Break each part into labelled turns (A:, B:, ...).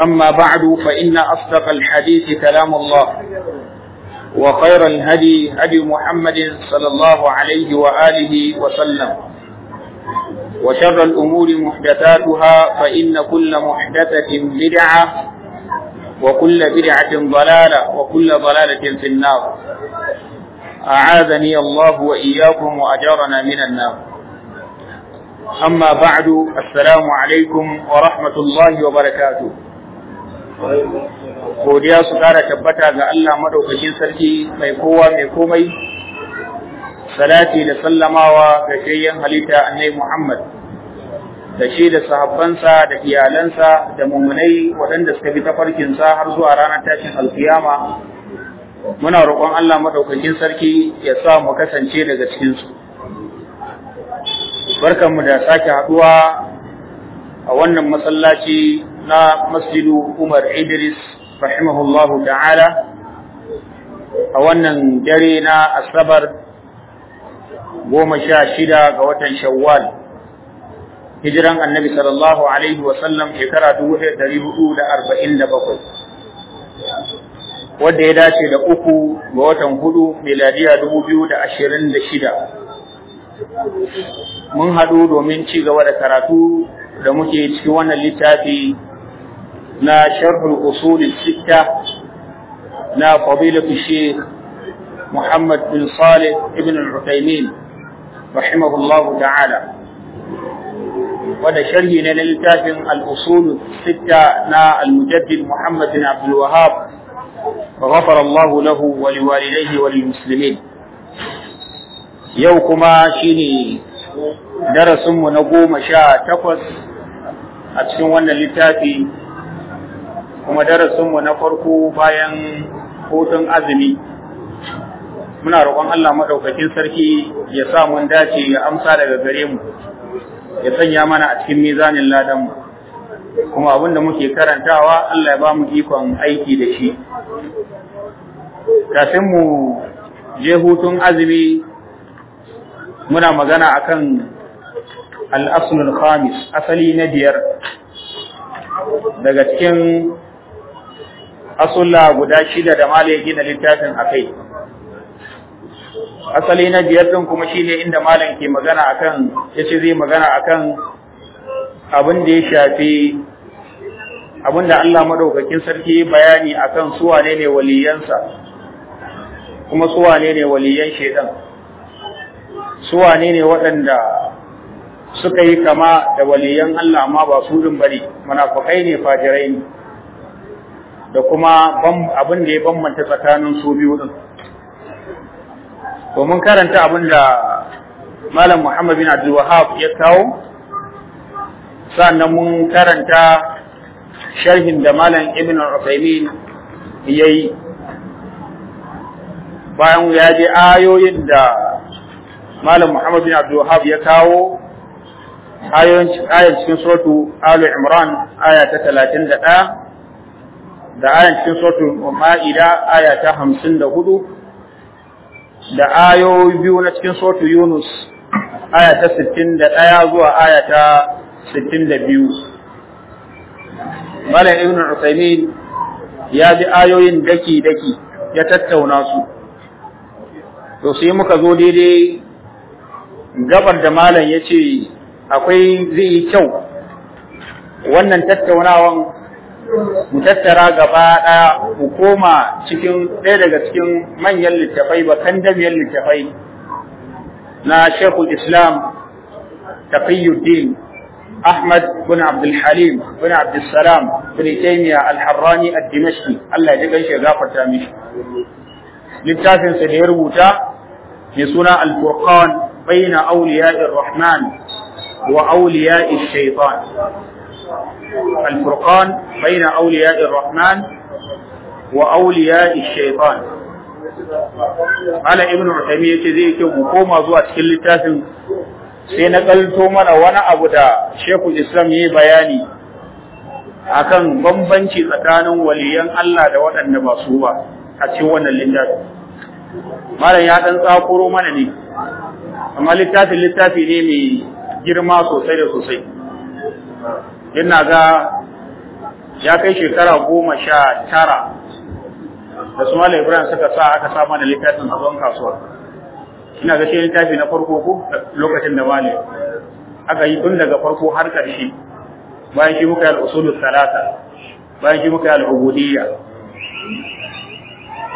A: أما بعد فإن أصدق الحديث كلام الله وخير الهدي هدي محمد صلى الله عليه وآله وسلم وشر الأمور محدثاتها فإن كل محدثة بدعة وكل بدعة ضلالة وكل ضلالة في النار أعاذني الله وإياكم وأجرنا من النار أما بعد السلام عليكم ورحمة الله وبركاته godiya su kara tabbata ga Allah madaukakin sarki mai kowa mai komai salati da sallamawa ga shayyan halitta annai Muhammad da shi da sahabbansa da iyalansa da mummunai waɗanda suka bi tafarkinsa har zuwa ranar tashin alkiyama muna roƙon Allah madaukakin sarki ya sa mu kasance daga cikinsu barkanmu da sake haɗuwa a wannan masallaci na masjidu Umar Idris rahimahullahu ta'ala a wannan dare na Asabar goma sha shida ga watan Shawwal hijiran annabi sallallahu alaihi wa sallam shekara dubu ɗaya hudu da arba'in da bakwai wadda ya dace da uku ga watan hudu miladiya dubu biyu da ashirin da shida mun haɗu domin ci gaba da karatu da muke cikin wannan littafi na sharhul usul sitta na fadilatu sheikh Muhammad bin Salih ibn al-Uthaymeen rahimahullahu ta'ala wanda sharhi ne na littafin al-usul sitta na al-mujaddid Muhammad bin Abdul Wahhab غفر الله له ولوالديه وللمسلمين يوكما شيني darasinmu na goma sha takwas a cikin wannan littafi kuma darasinmu na farko bayan hutun azumi muna roƙon Allah maɗaukakin sarki ya sa mun dace ya amsa daga gare mu ya sanya mana a cikin mizanin ladanmu kuma abinda muke karantawa Allah ya ba mu ikon aiki da shi kafin mu je hutun azumi muna magana akan al khamis asali na biyar daga cikin asula guda shida da malai gina littafin akai asali na biyar ɗin kuma shine inda malam ke magana akan yace zai magana akan abin da ya shafi abin da Allah maɗaukakin sarki bayani akan su wane ne waliyansa kuma su wane ne waliyan shedan su wane ne waɗanda suka yi kama da waliyan Allah amma ba su rin bari munafukai ne fajirai ne da kuma abin da ya bambanta tsakanin su biyu din to mun karanta abin da Malam Muhammad bin Abdul Wahhab ya kawo sannan mun karanta sharhin da Malam Ibn Uthaymeen yayi bayan ya je ayoyin da malam Muhammad bin Abdul Wahab ya kawo ayoyin cikin suratu Ali Imran aya ta 31 da ayan cikin suratu Ma'ida aya ta 54 da ayoyi biyu na cikin suratu Yunus aya ta 61 zuwa aya ta 62 malam Ibn Uthaymeen ya ji ayoyin daki daki ya tattauna su to sai muka zo daidai gabar da malam ya ce akwai zai yi kyau wannan tattaunawan mu tattara gaba ɗaya mu koma cikin ɗaya daga cikin manyan littafai kan damiyar littafai na shekul islam taqiyuddin Ahmad bin عبد الحليم بن عبد al بن تيمية الحراني الدمشقي الله يجعل شيء غافر تامش littafin sa da ya rubuta mai suna alfurqan بين أولياء الرحمن وأولياء الشيطان الفرقان بين أولياء الرحمن وأولياء الشيطان قال ابن عثيمين zai ce mu koma zuwa cikin littafin sai na kalto mana wani abu da Sheikhul Islam yayi bayani akan bambanci tsakanin waliyan Allah da waɗanda ba su ba a cikin wannan littafin malam ya ɗan tsakuro mana ne amma littafin littafi ne mai girma sosai da sosai ina ga ya kai shekara goma sha tara da su mala ibrahim suka sa aka sa da littafin a zuwan kasuwa ina ga shi littafi na farko ko lokacin da malam aka yi tun daga farko har ƙarshe bayan shi muka yi al'usulul salata bayan shi muka yi al'ubudiyya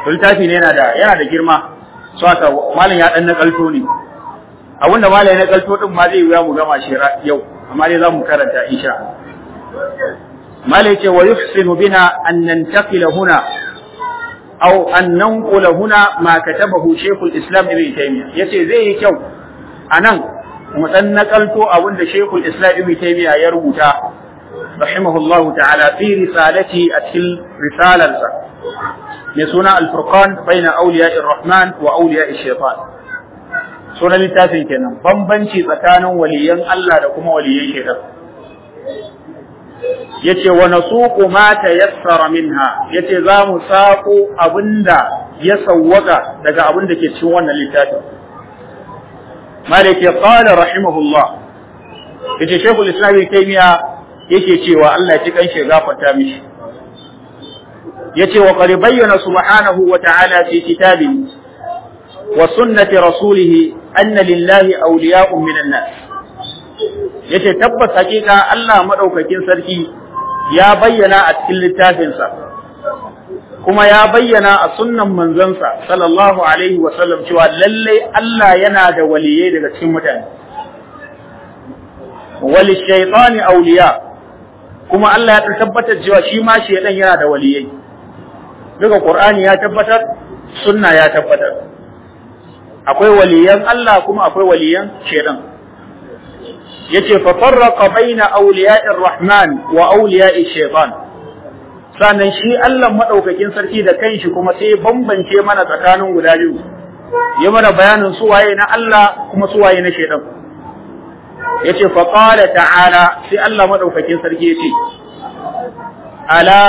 A: littafi ne yana da girma so haka malin ya dan nakalto ne abin da malai na kalto din ma zai wuya mu gama shi yau amma dai za mu karanta insha malai ce wa yuhsinu bina an nantaqila huna aw an nanqula huna ma katabahu shaykhul islam ibn taymiya yace zai yi kyau anan mu dan nakalto abin da shaykhul islam ibn taymiya ya rubuta rahimahullahu ta'ala fi risalati a cikin risalarsa mai suna al-furqan baina awliya'ir rahman wa awliya'ish shaytan sunan littafin kenan bambanci tsakanin waliyan Allah da kuma waliyan shaitan yace wa nasuqu ma tayassara minha yace za mu sako abinda ya sawwaka daga abinda ke cikin wannan littafin malik ya qala rahimahullah yace shaykhul islam ibn yake cewa Allah ya ci kanshi gafarta mishi yace wa qad bayyana subhanahu wa ta'ala fi kitabihi وسنة رسوله أن لله أولياء من الناس yace tabbas hakika Allah madaukakin sarki ya bayyana a cikin littafinsa kuma ya bayyana a sunnan manzansa sallallahu alaihi wa sallam cewa lalle Allah yana da waliye daga cikin mutane wal shaytani awliya kuma Allah ya tabbatar cewa shi ma shaytan yana da waliyai duka Qur'ani ya tabbatar sunna ya tabbatar akwai waliyan Allah kuma akwai waliyan shedan yace fa farraqa baina awliya'ir rahman wa awliya'ish shaytan sannan shi Allah madaukakin sarki da kanshi kuma sai bambance mana tsakanin guda biyu ya mana bayanin su waye na Allah kuma su waye na shaytan yace fa qala ta'ala sai Allah madaukakin sarki yace ala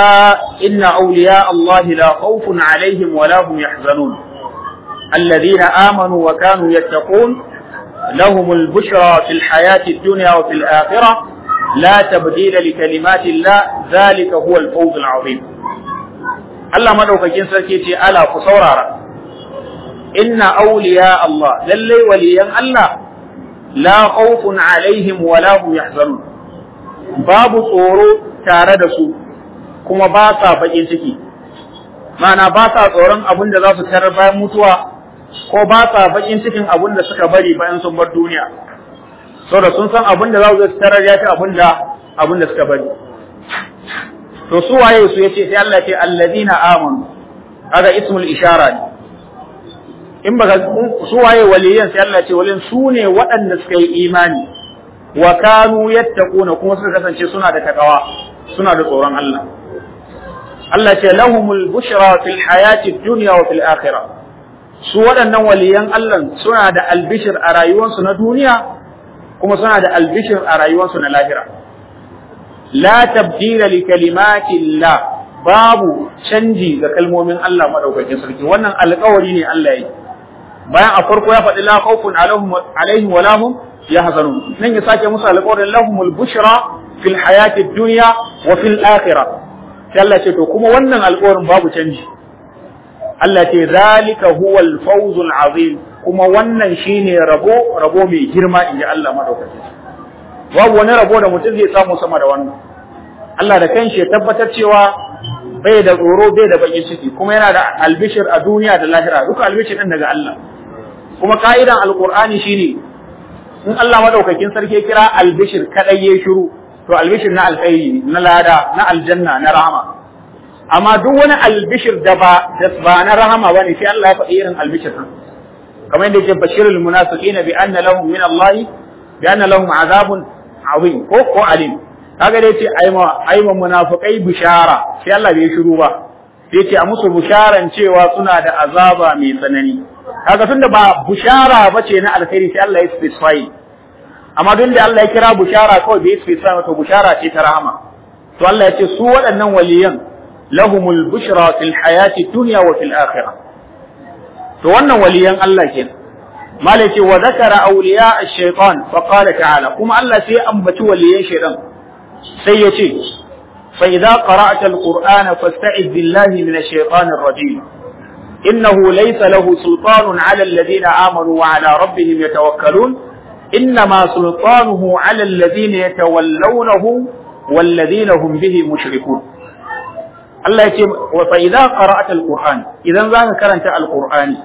A: inna awliya Allah la khawfun alaihim wa la hum yahzanun الذين آمنوا وكانوا يتقون لهم البشرى في الحياة الدنيا وفي الآخرة لا تبديل لكلمات الله ذلك هو الفوز العظيم الله ما مدوكاكين سركيتي ألا فصورارا إن أولياء الله للي وليا الله لا خوف عليهم ولا هم يحزنون باب صورو تاردسو كما باسا بجنسكي معنى باسا صورا أبن tsoron abin da ko ba sa bakin cikin abin da suka bari bayan sun bar duniya saboda sun san abin da za su tarar ya fi abin da abin da suka bari to su waye su yace sai Allah ce allazina amanu kaga ismul ishara ne in ba su waye waliyan sai Allah ce waliyan su ne waɗanda suka yi imani wa kanu yattaquna kuma suka kasance suna da takawa suna da tsoron Allah Allah ce lahumul bushra fil hayati dunya wa fil akhirah su waɗannan waliyan Allah suna da albishir a rayuwarsu na duniya kuma suna da albishir a rayuwarsu na lahira la tabdila li kalimatillah babu canji ga kalmomin Allah madaukakin sarki wannan alƙawari ne Allah ya yi bayan a farko ya faɗi la khawfun alaihim wa lahum yahzanun nan ya sake musu alƙawarin lahumul bushra fil hayati dunya wa fil akhirah sai Allah ce to kuma wannan alƙawarin babu canji Allah ce zalika huwal fawzul azim kuma wannan shine rabo rabo mai girma inji Allah madaukakin babu wani rabo da mutum zai samu sama da wannan Allah da kanshi ya tabbatar cewa bai da tsoro bai da bakin ciki kuma yana da albishir a duniya da lahira duka albishir din daga Allah kuma ka'idan alqur'ani shine in Allah madaukakin sarki ya kira albishir kadai ya shiru to albishir na alkhairi na lada na aljanna na rahama amma duk wani albishir da ba da ba na rahama bane sai Allah ya faɗi irin albishir din kamar yadda yake bashirul munafiqin bi anna lahum min Allah bi anna lahum azabun azim ko ko alim kaga dai ce aima ayma munafiqai bishara sai Allah bai shiru ba sai ce a musu bisharan cewa suna da azaba mai tsanani kaga tunda ba bishara bace na alkhairi sai Allah ya specify amma duk da Allah ya kira bishara kawai bai specify to bishara ce ta rahama to Allah ya ce su waɗannan waliyan لهم البشرى في الحياة الدنيا وفي الآخرة فوانا وليا الله كن ما لكي وذكر أولياء الشيطان فقال تعالى قم الله سي أمبت وليا شيطان سيتي فإذا قرأت القرآن فاستعذ بالله من الشيطان الرجيم إنه ليس له سلطان على الذين آمنوا وعلى ربهم يتوكلون إنما سلطانه على الذين يتولونه والذين هم به مشركون Allah ya ce wa fa idza qara'ta alquran idan zaka karanta alqurani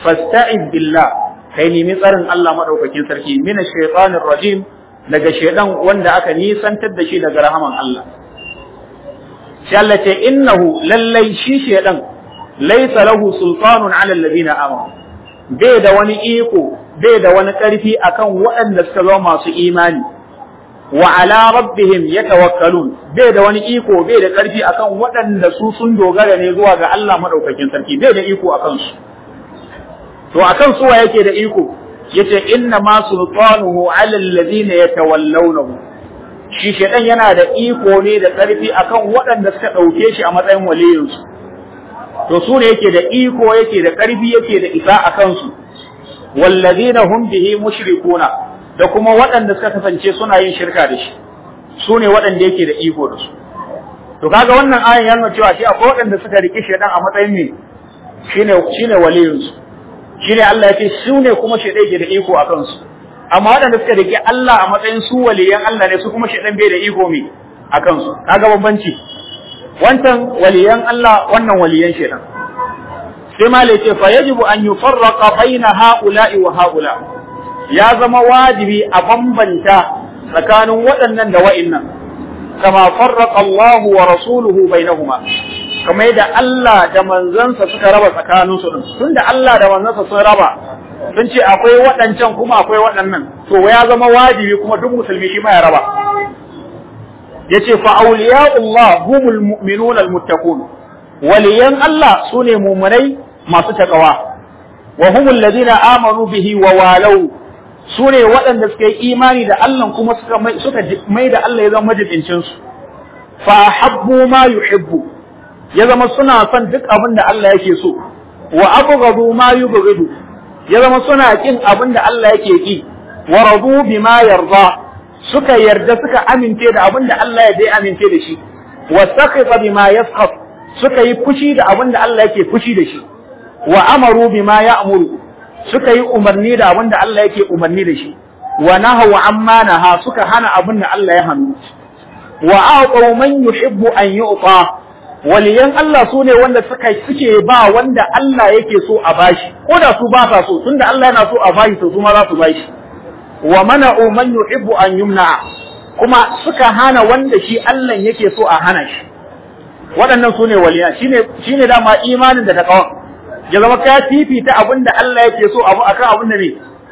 A: fasta'iz billah kai nemi tsarin Allah madaukakin sarki min ash-shaytanir rajim daga shaydan wanda aka nisantar da shi daga rahaman Allah sai Allah ce innahu lallai shi shaydan laysa lahu sultanun 'ala alladhina amanu bai da wani iko bai da wani karfi akan waɗanda suka zama masu imani wa ala rabbihim yatawakkalun bai da wani iko bai da karfi akan waɗanda su sun dogara ne zuwa ga Allah madaukakin sarki bai da iko akan su to akan su wa yake da iko yace inna ma sultanuhu ala alladhina yatawallawnahu shi shedan yana da iko ne da karfi akan waɗanda suka dauke shi a matsayin waliyin su to su ne yake da iko yake da karfi yake da isa akan su walladhina hum bihi mushrikuna da kuma waɗanda suka kasance suna yin shirka da shi su ne waɗanda yake da iko da su to kaga wannan ayan ya nuna cewa shi akwai waɗanda suka riƙe shaidan a matsayin ne shine shine waliyin su shine Allah ya ce su ne kuma shaidan yake da iko a kansu amma waɗanda suka riƙe Allah a matsayin su waliyan Allah ne su kuma shaidan bai da iko me a kansu kaga bambanci wancan waliyan Allah wannan waliyan shaidan sai malai ce fa yajibu an yufarraqa baina ha'ula'i wa ha'ula' ya zama wajibi a bambanta tsakanin waɗannan da wa'innan kama farraqa Allahu wa rasuluhu bainahuma kamar yadda Allah da manzansa suka raba tsakanin su din tunda Allah da manzansa sun raba sun ce akwai waɗancan kuma akwai waɗannan to ya zama wajibi kuma duk musulmi shi ma ya raba yace fa awliya'ullah humul mu'minuna almuttaqun waliyan Allah sune mu'minai masu takawa wa humul ladina amanu bihi wa walau su ne waɗanda suka yi imani da Allah kuma suka mai mai da Allah ya zama majibincin su fa habbu ma yuhibbu ya zama suna son duk abin da Allah yake so wa abghadu ma yubghidu ya zama suna kin abin da Allah yake ki wa radu bima yarda suka yarda suka amince da abin da Allah ya dai amince da shi wa sakhifa bima yaskhaf suka yi fushi da abin da Allah yake fushi da shi wa amaru bima ya'muru suka yi umarni da abin da Allah yake umarni da shi wa nahawu amma naha suka hana abin da Allah ya hannu wa a'tau man yuhibbu an yu'ta waliyan Allah su ne wanda suka suke ba wanda Allah yake so a bashi ko da su ba sa so tunda Allah yana so a bashi to su ma za su bashi wa mana'u man yuhibbu an yumna kuma suka hana wanda shi Allah yake so a hana shi waɗannan su ne waliya shine shine dama imanin da taqwa ya zama ka fifita abin da Allah yake so abu akan abin da ne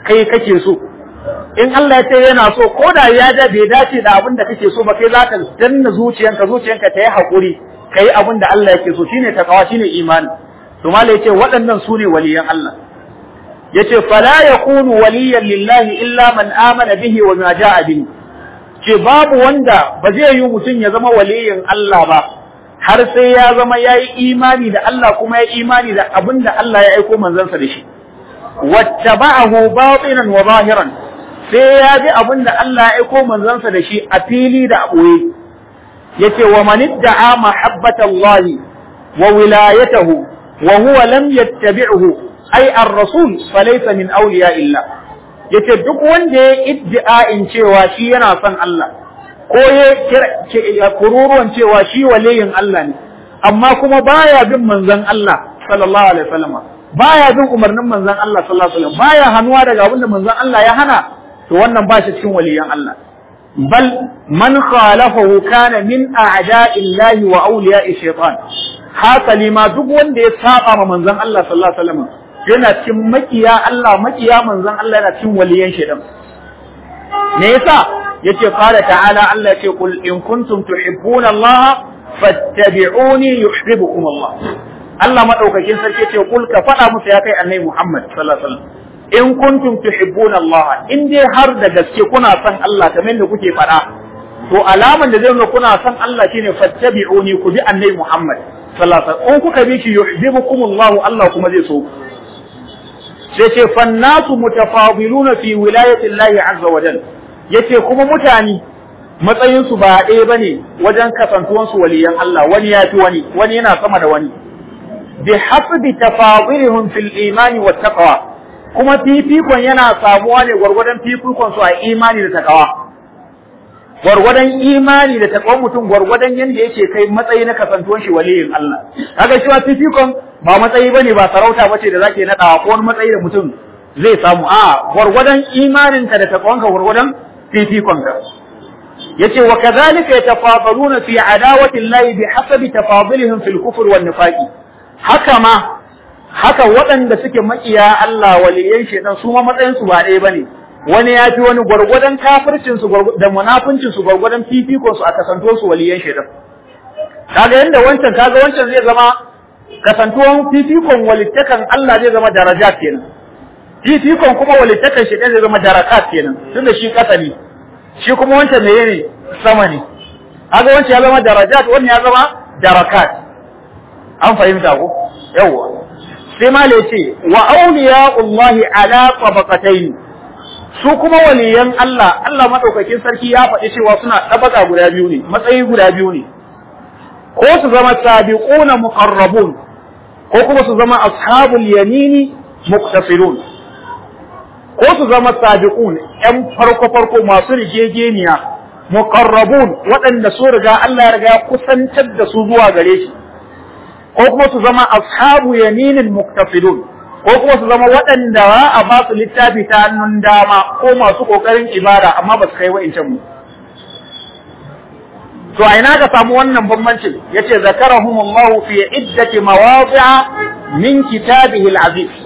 A: kai kake so in Allah ya ce yana so ko da ya da bai dace da abin da kake so ba kai za ka danna zuciyanka zuciyanka ta yi hakuri yi abin da Allah yake so shine takawa shine imani to malai yace waɗannan su ne waliyan Allah yace fala yakunu waliyan lillahi illa man amana bihi wa ma ja'a bihi ce babu wanda ba zai yi mutum ya zama waliyin Allah ba har sai ya zama ya yi imani da Allah kuma ya imani da abin da Allah ya aiko manzansa da shi wattaba'ahu batinan wa zahiran sai ya bi abin da Allah ya aiko manzansa da shi a fili da a ɓoye yace wa man idda'a mahabbata Allah wa wilayatahu wa huwa lam yattabi'hu ai ar-rasul falaysa min awliya illa yace duk wanda ya iddi'a in cewa shi yana son Allah ko ya kururuwan cewa shi waliyin Allah ne amma kuma baya bin manzan Allah sallallahu alaihi wasallam baya bin umarnin manzan Allah sallallahu alaihi wasallam baya hanuwa daga abinda manzan Allah ya hana to wannan ba shi cikin waliyan Allah bal man khalafahu kana min a'da'illahi wa awliya'i shaytan hasali ma duk wanda ya saba ma manzon Allah sallallahu alaihi wasallam yana cikin makiya Allah makiya manzan Allah yana cikin waliyan shaytan me yasa yace qala ta'ala Allah ce kul in kuntum tuhibbuna Allah fattabi'uni yuhibbukum Allah Allah madaukakin sarki ce kul ka faɗa musu ya kai annabi Muhammad sallallahu alaihi wasallam in kuntum tuhibbuna Allah in dai har da gaske kuna son Allah kamar da kuke faɗa to alaman da zai nuna kuna son Allah shine fattabi'uni ku bi annabi Muhammad sallallahu alaihi wasallam in kuka bi shi yuhibbukum Allah Allah kuma zai so sai ce fannasu mutafadiluna fi wilayati Allah azza wa jalla yace kuma mutane matsayinsu ba ɗaya bane wajen kasantuwansu waliyan Allah wani ya fi wani wani yana sama da wani bi hasbi tafadilihum fil imani wat taqwa kuma fifikon yana samuwa ne gwargwadon fifikon su a imani da takawa gwargwadon imani da takwan mutum gwargwadon yadda yake kai matsayi na kasantuwan shi waliyin Allah kaga wa fifikon ba matsayi bane ba sarauta bace da zake nadawa ko wani matsayi da mutum zai samu a gwargwadon imaninka da takwanka gwargwadon Fifikon ka yace wa kadhalika yatafadaluna fi adawati Allah bihasabi tafadilihim fil kufr wan nifaqi
B: haka ma
A: haka waɗanda suke makiya Allah waliyan shedan su ma matsayin su ba ɗaya bane wani ya fi wani gwargwadon kafircin su da munafincin su gwargwadon fifikon su a kasantuwar su waliyan shedan kaga yanda wancan kaga wancan zai zama kasantuwan fifikon walittakan Allah zai zama daraja kenan fifikon kuma walittakan shi zai zama darakat kenan tun da shi kasa ne shi kuma wancan me ne sama ne aga wancan ya zama darajat wannan ya zama darakat an fahimta ko yawa sai ma ce wa awliya'ullahi ala tabaqatayn su kuma waliyan Allah Allah madaukakin sarki ya faɗi cewa suna tabaka guda biyu ne matsayi guda biyu ne ko su zama sabiquna muqarrabun ko kuma su zama ashabul yamini muqtasirun ko su zama sabiqun ƴan farko farko masu rigegeniya muqarrabun waɗanda su riga Allah ya riga kusantar da su zuwa gare shi ko kuma su zama ashabu yaminin muktafidun ko kuma su zama waɗanda a ba su littafi ta hannun dama ko masu ƙoƙarin ibada amma ba su kai wa'incan mu to a ina ka samu wannan bambancin yace zakarahumullahu fi iddati mawadi'a min al aziz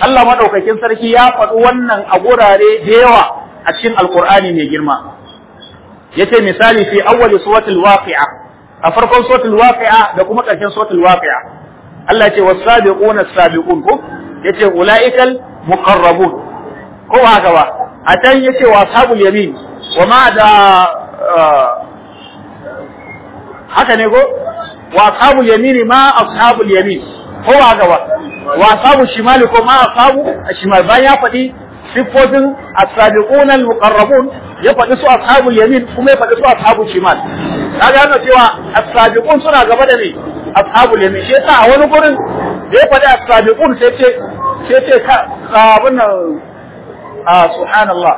A: Allah maɗaukakin sarki ya faɗi wannan a gurare da yawa a cikin alkur'ani mai girma Ya ce misali fi awwali suratul waqi'a a farkon suratul waqi'a da kuma ƙarshen suratul waqi'a Allah ce was-sabiquna as-sabiqun ko Ya yace ulaikal muqarrabun ko a gaba, a can yace wa ashabul yamin wa ma da uh, haka ne ko wa ashabul yamin ma ashabul yamin ko wa gaba wa sabu shimali ko ma a sabu a shimal bayan ya faɗi siffofin as-sabiquna ya faɗi su ashabul yamin kuma ya faɗi su ashabul shimal kaga yana cewa as suna gaba da ne ashabul yamin shi yasa a wani gurin da ya faɗi as-sabiqun sai ce sai ce ka abun nan ah subhanallah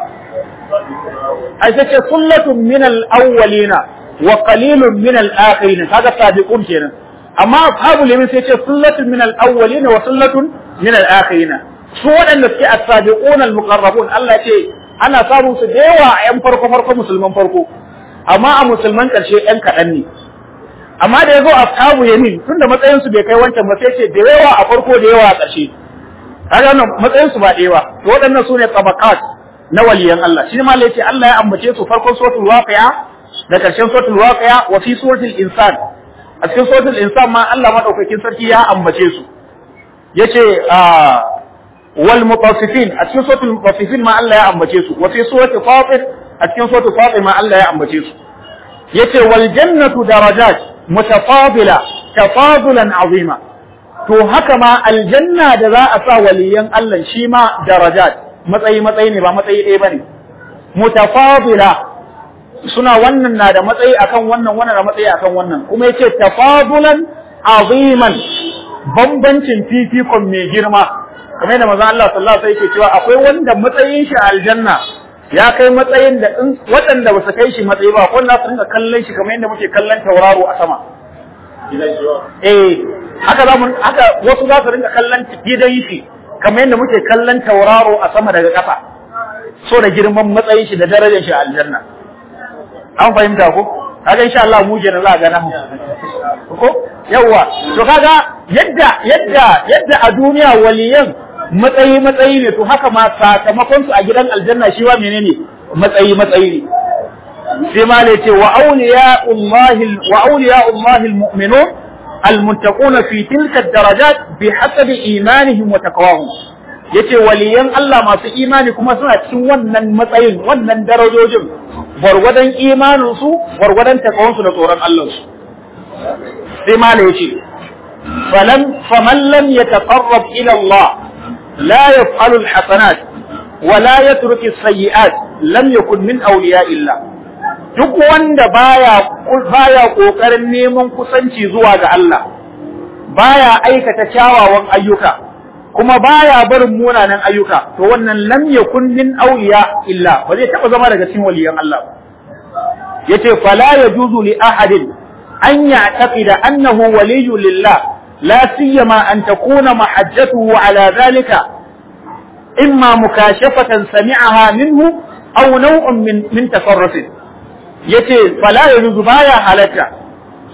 A: ai sai ce sullatun min al-awwalina wa qalilun min al-akhirin kaga sabiqun kenan amma ashabu yamin sai ce sullatun min al-awwalin wa sullatun min al-akhirin su waɗanda suke as-sabiqun al-muqarrabun Allah ce ana samun su da yawa a yan farko farko musulman farko amma a musulman karshe yan kaɗan ne amma da yazo ashabu yamin tunda matsayin su bai kai wancan ba sai ce da yawa a farko da yawa a ƙarshe. kaga nan matsayin su ba da yawa to waɗannan sune tabaqat na waliyan Allah shi ma Allah ya ambace su farkon suratul waqi'a da karshen suratul waqi'a wa fi suratul insan a cikin suratul insan ma Allah maɗaukakin sarki ya ambace su yace ah, wal mutaffifin a cikin suratul mutaffifin ma Allah ya ambace su wa fi suratul fatir a cikin suratul fatir ma Allah ya ambace su Ya ce wal jannatu darajat mutafadila tafadulan azima to haka ma aljanna da za a sa waliyan Allah shi ma darajat matsayi matsayi ne ba matsayi ɗaya ba bane mutafadila suna wannan na da matsayi akan wannan wannan na matsayi akan wannan kuma yace tafadulan aziman bambancin fifikon mai girma kamar yadda manzo Allah sallallahu alaihi wasallam yake cewa akwai wanda matsayin shi aljanna ya kai matsayin da in waɗanda ba su kai shi matsayi ba ko na su rinka kallon shi kamar yadda muke kallon tauraro a sama eh haka za mu haka wasu za su rinka kallon gidan shi kamar yadda muke kallon tauraro a sama daga ƙasa so da girman matsayin shi da darajar shi a aljanna an fahimta ko kaga insha Allah mu kenan za ga na ko yawa to kaga yadda yadda yadda a duniya waliyan matsayi matsayi ne to haka ma sakamakon su a gidan aljanna shi wa menene matsayi matsayi
B: ne sai ma ne ce wa
A: auliya Allahi wa auliya Allahi almu'minun المتقون في تلك الدرجات بحسب إيمانهم وتقواهم yace waliyan Allah masu imani kuma suna cikin wannan matsayin wannan darajojin gwargwadon imanin su gwargwadon takawan su da tsoron Allah sai mala yace falan faman lam yataqarrab ila Allah la yaf'alu alhasanat wa la yatruku as-sayyi'at lam yakun min illa duk wanda baya baya kokarin neman kusanci zuwa ga Allah baya aikata kyawawan ayyuka kuma baya barin munanan ayyuka to wannan lam yakun min awliya illa ba zai taba zama daga cikin waliyan Allah
B: ba yace fala
A: yajuzu li ahadin an ya'taqida annahu waliyyu lillah la siyama an takuna mahajjatuhu ala zalika imma mukashafatan sami'aha minhu aw naw'un min min tasarrufin yace fala yajuzu baya halatta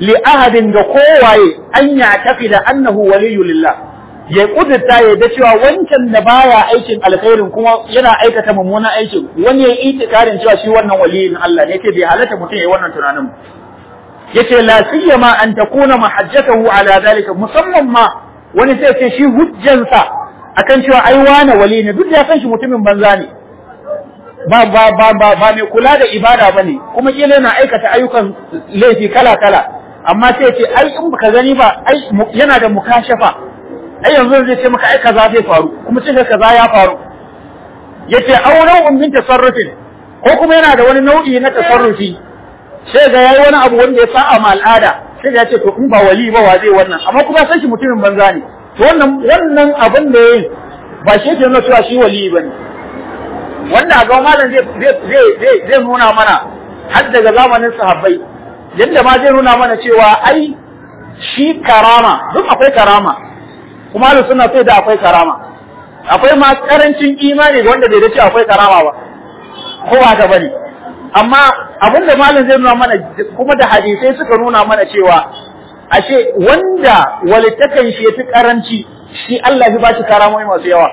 A: li ahadin ga kowaye an ya'taqida annahu waliyyu lillah ya kudurta ya da cewa wancan da baya aikin alkhairin kuma yana aikata mummunan aikin wani ya itikarin cewa shi wannan waliyin Allah ne yace bai halatta mutum yayi wannan tunanin yace la siyama an takuna mahajjatahu ala zalika musamman ma wani sai ce shi hujjansa akan cewa ai wani wali ne duk da ya san shi mutumin banza ne ba ba ba ba ba mai kula da ibada ba ne kuma kila yana aikata ayyukan laifi kala kala amma sai ce ai in baka gani ba ai yana da mukashafa ai yanzu zai ce maka ai kaza zai faru kuma cin kaza ya faru yace aw nau'un min tasarrufin ko kuma yana da wani nau'i na tasarrufi sai ga yayi wani abu wanda ya sa'a ma al'ada sai ya ce to in ba wali ba wa zai wannan amma kuma san shi mutumin banza ne to wannan wannan abin da yayi ba shi yake nuna cewa shi wali bane wanda ga malam zai zai zai nuna mana har daga zamanin sahabbai yadda ma zai nuna mana cewa ai shi karama duk akwai karama kuma da suna sai da akwai karama akwai ma karancin imani ga wanda bai da ce akwai karama ba ko ba ta bari? amma abinda malam zai nuna mana kuma da hadisai suka nuna mana cewa ashe wanda walittakan shi yafi karanci shi Allah ya ba shi karamomi masu yawa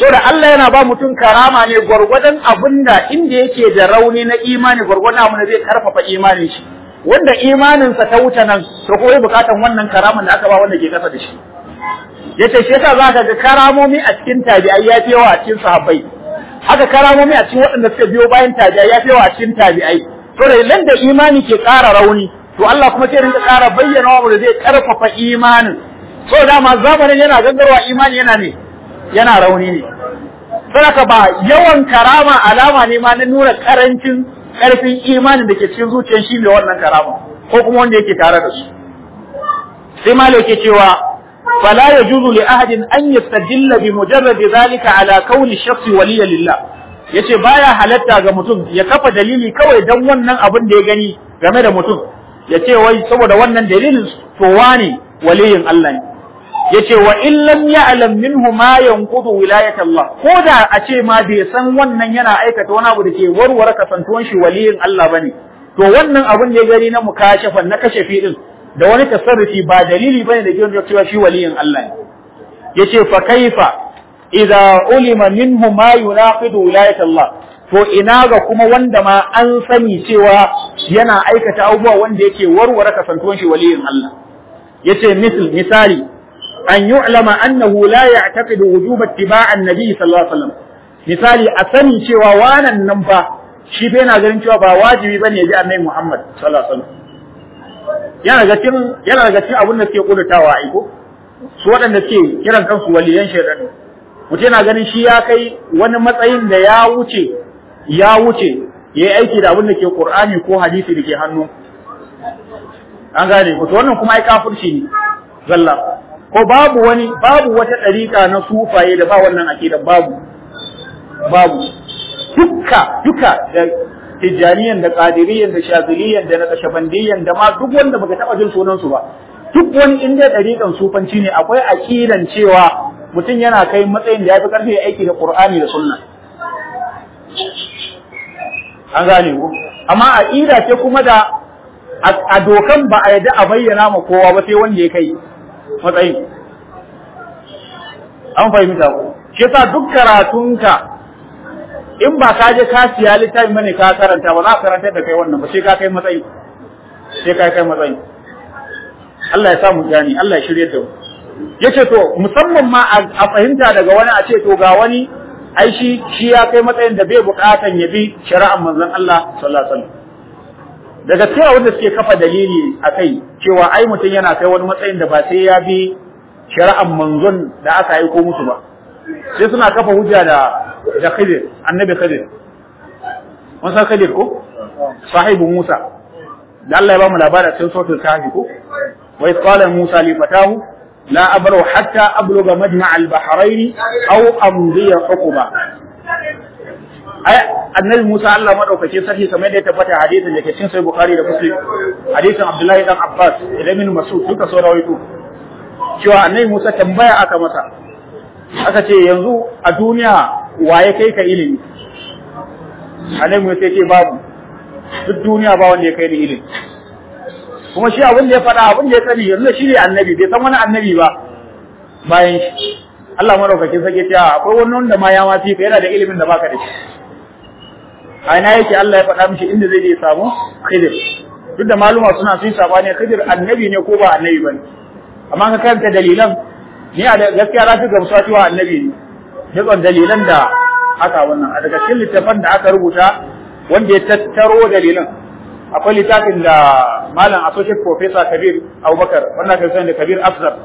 A: so da Allah yana ba mutum karama ne gwargwadon abinda inda yake da rauni na imani gwargwadon abin da zai karfafa imanin shi wanda imaninsa ta wuce nan to kuma bukatan wannan karaman da aka ba wanda ke kasa da shi yace shi yasa zaka ga karamomi a cikin tabi'ai ya fi yawa a cikin sahabbai haka karamomi a cikin waɗanda suka biyo bayan tabi'ai ya fi yawa a cikin tabi'ai to da ilan da imani ke ƙara rauni to Allah kuma ke rinka ƙara bayyana wa da zai ƙarfafa imanin so dama zamanin yana gangarwa imani yana ne yana rauni ne saboda ba yawan karama alama ne ma na nuna karancin karfin imanin da ke cikin zuciyar shi ne wannan karama ko kuma wanda yake tare da su sai malo yake cewa fala ya li ahadin an yastajilla bi mujarrad zalika ala kauni shakhsi waliya lillah yace baya halatta ga mutum ya kafa dalili kawai dan wannan abin da ya gani game da mutum ya ce wai saboda wannan dalilin to wani waliyin Allah ne yace wa in lam ya'lam minhu ma yanqudu wilayat Allah ko da a ce ma bai san wannan yana aikata wani abu da ke warware kasantuwan shi waliyin Allah bane to wannan abun da ya gani na mukashafan na fi din da wani tasarrufi ba dalili bane da ke cewa shi waliyin Allah ne yace fa kaifa idza ulima minhu ma yunaqidu wilayat Allah to ina ga kuma wanda ma an sani cewa yana aikata abubuwa wanda yake warware kasantuwan shi waliyin Allah yace misal misali an yu'lama annahu la ya'taqidu wujub ittiba' nabi sallallahu alaihi wasallam misali a sani cewa wannan nan fa shi fa yana ganin cewa ba wajibi bane ya ji annabi Muhammad sallallahu alaihi wasallam yana daga cikin yana ga cikin abin da suke kudutawa ai ko su waɗanda suke kiran kansu waliyan shaidan mutum yana ganin shi ya kai wani matsayin da ya wuce ya wuce yayi aiki da abin da ke Qur'ani ko hadisi da ke hannu an gane wato wannan kuma ai kafirci ne zalla ko babu wani babu wata ɗariƙa na sufaye da ba wannan aƙidar babu babu duka duka da tijjaniyan da qadiriyan da shaziliyan da na kashabandiyan da ma duk wanda baka taba jin sunansu ba duk wani inda ɗariƙan sufanci ne akwai aƙidan cewa mutum yana kai matsayin da ya fi ƙarfi aiki da Qur'ani da Sunna an gane ku amma aƙida ce kuma da a dokan ba a yadda a bayyana ma kowa ba sai wanda ya kai matsayin an fahimta ku shi sa duk karatunka in ba ka je ka siya littafi bane ka karanta ba za ka karanta da kai wannan ba sai ka kai matsayi sai ka kai matsayi Allah ya sa mu gani Allah ya shirye da mu yace to musamman ma a fahimta daga wani a ce to ga wani ai shi shi ya kai matsayin da bai bukatan ya bi shari'ar manzon Allah sallallahu alaihi wasallam daga cewa wanda suke kafa dalili a kai cewa ai mutum yana kai wani matsayin da ba sai ya bi shari'ar manzon da aka aiko musu ba sai suna kafa hujja da da Khidir annabi Khidir mun san Khidir ko sahibu Musa da Allah ya ba mu labara cikin sautin kahfi ko wa qala Musa li fatahu la abru hatta abluga majma' al-bahrayn aw amdiya hukuma annabi Musa Allah madaukakin sarki kamar da ya tabbata hadisin da ke cikin sahih Bukhari da Muslim hadisin Abdullahi dan Abbas da Ibn Mas'ud duka sun rawaito cewa annabi Musa tambaya aka masa aka ce yanzu a duniya waye kai ka ilimi annabi Musa ce babu duk duniya ba wanda ya kai ni ilimi kuma shi abin da ya faɗa abin da ya sani yanzu shi ne annabi bai san wani annabi ba bayan shi Allah madaukakin sarki ya ce akwai wani wanda ma ya ma fi yana da ilimin da baka da shi a ina yake Allah ya faɗa mishi inda zai je samu khidir duk da maluma suna sun saba ne khidir annabi ne ko ba annabi bane amma ka karanta dalilan ni a gaskiya na fi gamsuwa cewa annabi ne dalilan da aka wannan a daga cikin littafan da aka rubuta wanda ya tattaro dalilan akwai littafin da malam associate professor kabir abubakar wannan kai sani da kabir afzal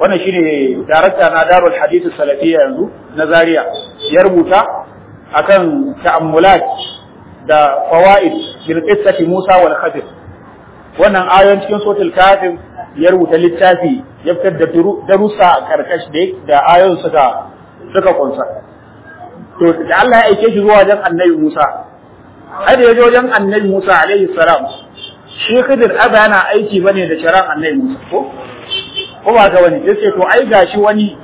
A: wannan shine darakta na darul hadith salafiyya yanzu na zaria ya rubuta akan ta'ammulat da fawaid bil qissati Musa wal Khadir wannan ayoyin cikin suratul kafir ya rubuta littafi ya fitar da darussa a karkash da da ayoyin suka suka kunsa to da Allah ya aike shi zuwa wajen Annabi Musa ai da yaje wajen Annabi Musa alaihi salam shi Khidir aba yana aiki bane da sharan Annabi Musa ko ko ba ga wani yace to ai gashi wani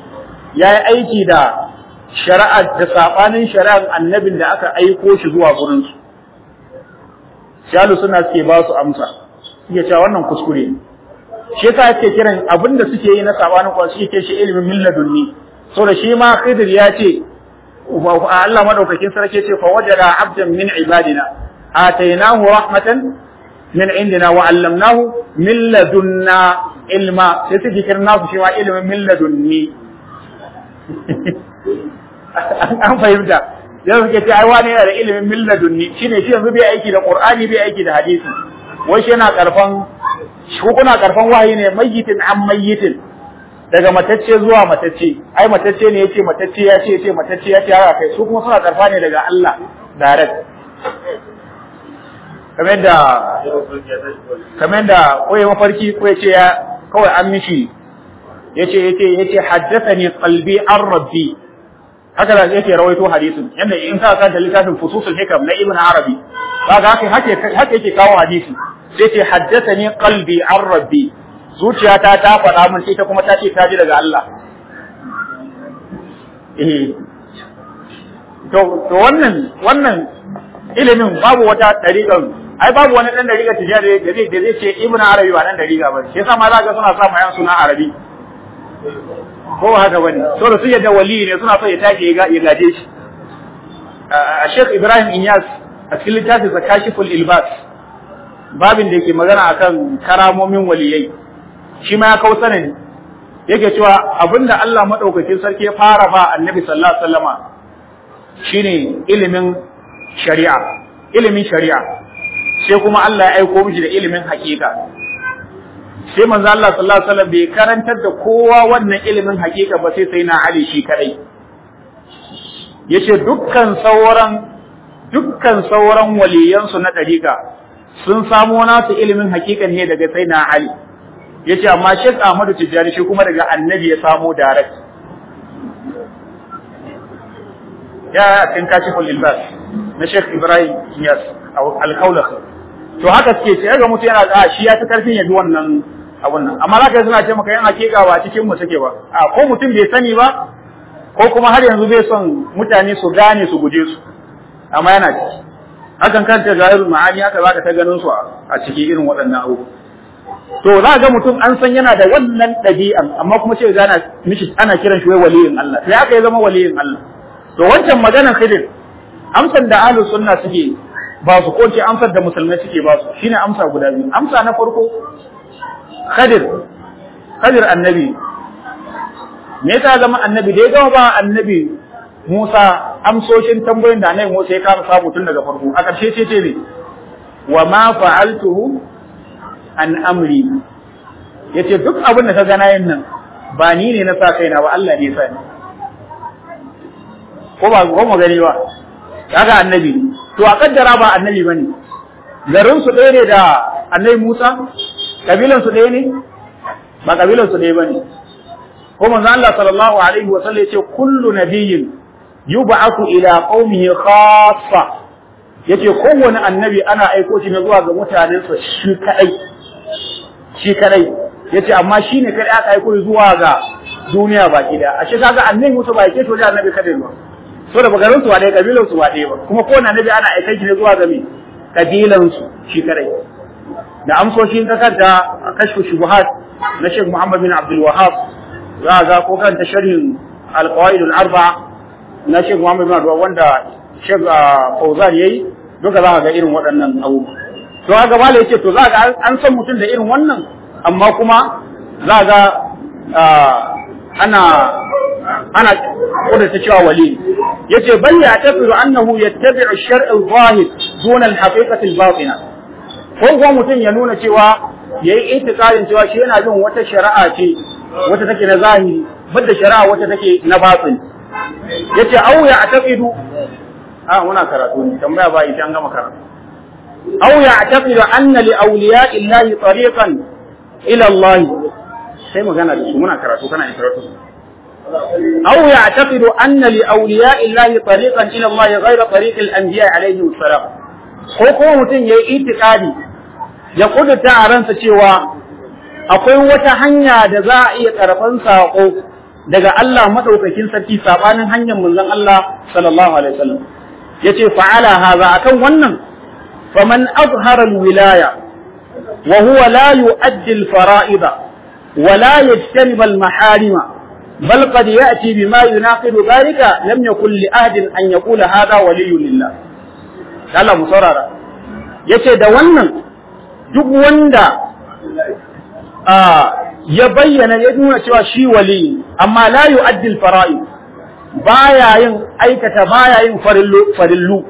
A: yayi aiki da shari'ar da sabanin shari'ar annabin da aka aiko shi zuwa gurin su shalu suna suke ba su amsa suke cewa wannan kuskure ne shi yasa ake kiran abinda suke yi na sabanin kwa shi ke shi ilimin milladunni saboda shi ma khidir ya ce Allah madaukakin sarki ce fa wajada abdan min ibadina atainahu rahmatan min indina wa allamnahu min ilma sai suke kiran nasu shi ma ilimin milladunni an fahimta yanzu suke ce ai wani yana da ilimin dunni shine shi yanzu bai aiki da qur'ani bai aiki da hadisi wai shi yana karfan ko kuna karfan wahayi ne mayyitin an mayyitin daga matacce zuwa matacce ai matacce ne yace matacce ya ce yace matacce ya ce haka kai su kuma suna karfa ne daga Allah direct kamar da kamar da koyi mafarki ko yace ya kawai an mishi yace yace yace haddathani qalbi an rabbi haka da yake rawaito hadisin yanda in ka da littafin fususul hikam na ibn arabi kaga haka haka yake kawo hadisi sai ce haddathani qalbi an rabbi zuciyata ta faɗa min sai ta kuma ta ce ta ji daga Allah eh to to wannan wannan ilimin babu wata dariƙar ai babu wani dan dariƙa tijari da zai da zai ce ibn arabi ba dan dariƙa ba sai sa ma za ka suna sa mayan suna arabi ko ba haka bane saboda su yadda wali ne suna so ya tashi ya gaje shi a Sheikh Ibrahim Inyas a cikin littafin Zakashiful Ilbas babin da yake magana akan karamomin waliyai shi ma ya kawo sanadi yake cewa abinda Allah madaukakin sarki ya fara ba Annabi sallallahu alaihi wasallama shine ilimin shari'a ilimin shari'a sai kuma Allah ya aiko mishi da ilimin hakika sai manzo Allah sallallahu alaihi wasallam bai karantar da kowa wannan ilimin hakika ba sai sai na Ali shi kadai yace dukkan sauran dukkan sauran waliyansu na dariqa sun samo nasu ilimin hakikan ne daga sai na Ali yace amma Sheikh Ahmadu Tijani shi kuma daga Annabi ya samo direct ya tin kashi ba na Sheikh Ibrahim Iyas al kaulakh to haka suke ce ga mutu yana da shi ya ta karfin ya bi wannan abun nan amma zaka suna ce maka yan hakika ba cikin mu take ba a ko mutum bai sani ba ko kuma har yanzu bai son mutane su gane su guje su amma yana ciki hakan kanta jahilul ma'ani haka zaka ta ganin su a ciki irin waɗannan abu to za ga mutum an san yana da wannan ɗabi'an amma kuma ce gana mishi ana kiran shi wai waliyin Allah sai aka yi zama waliyin Allah to wancan maganar khidin amsan da ahlus sunna suke ba su ko ce amsar da musulmai suke ba su shine amsa guda biyu amsa na farko Khadir Khadir annabi me yasa zama annabi da ya gama ba annabi Musa amsoshin tambayoyin da annabi Musa ya kama samu tun daga farko a ƙarshe ce ce ne wa ma fa'altuhu an amri yace duk abin da ka gana yin nan ba ni ne na sa kaina ba Allah ne ya sa ni ko ba ko magani ba kaga annabi to a kaddara ba annabi bane garin su ɗaya ne da annabi Musa kabilan su ɗaya ne ba kabilan su ɗaya bane ko manzo Allah sallallahu alaihi wa sallam yace kullu nabiyyin yub'athu ila qaumihi khassa yace kowanne annabi ana aiko shi ne zuwa ga sa shi kadai shi kadai yace amma shi ne kadai aka aiko zuwa ga duniya baki da ashe kaga annabi Musa ba yake to da annabi kadai ba so da bagarin su wadai kabilan su wadai ba kuma ko na nabi ana aikai shi ne zuwa ga me kabilan su shi kare da amsoshin ka kanta kashfu shubuhat na Sheikh Muhammad bin Abdul Wahhab za ga ko kanta sharhin al-qawaid al-arba na Sheikh Muhammad bin Abdul wanda Sheikh ah, Fauzan yayi duka za ka ga irin waɗannan abubuwa to a gaba da yace to za ga an san mutum da irin wannan amma kuma za ga ah, ana ana kuda ta cewa wali yace bal ya tafiru annahu yattabi'u ash-shar' al-zahir dun al-haqiqah al-batina ko kuma mutum ya nuna cewa yayi itikadin cewa shi yana bin wata shari'a ce wata take na zahiri bada shari'a wata take na batin yace aw ya tafidu ah muna karatu ne tambaya ba ita an gama karatu
B: aw ya tafidu
A: anna li awliya'illahi tariqan ila Allah sai magana da su muna karatu kana karatu أو يعتقد أن لأولياء الله طريقا إلى الله غير طريق الأنبياء عليهم السلام ko kuma mutum ya yi itikadi ya kudurta a ransa cewa akwai wata hanya da za a iya karfan saƙo daga Allah maɗaukakin sarki saɓanin hanyar manzon Allah sallallahu alaihi wasallam yace fa'ala haza akan wannan faman azhara alwilaya wa huwa la yu'addi alfara'ida wa la yajtaniba almaharima بل قد يأتي بما يناقض ذلك لم يكن لأحد أن يقول هذا ولي لله قال مصرر يتي دوانا جب واندا آه يبين يدون سوى شي ولي أما لا يؤدي الفرائض بايا ين أي كتبايا ين فرلو, فرلو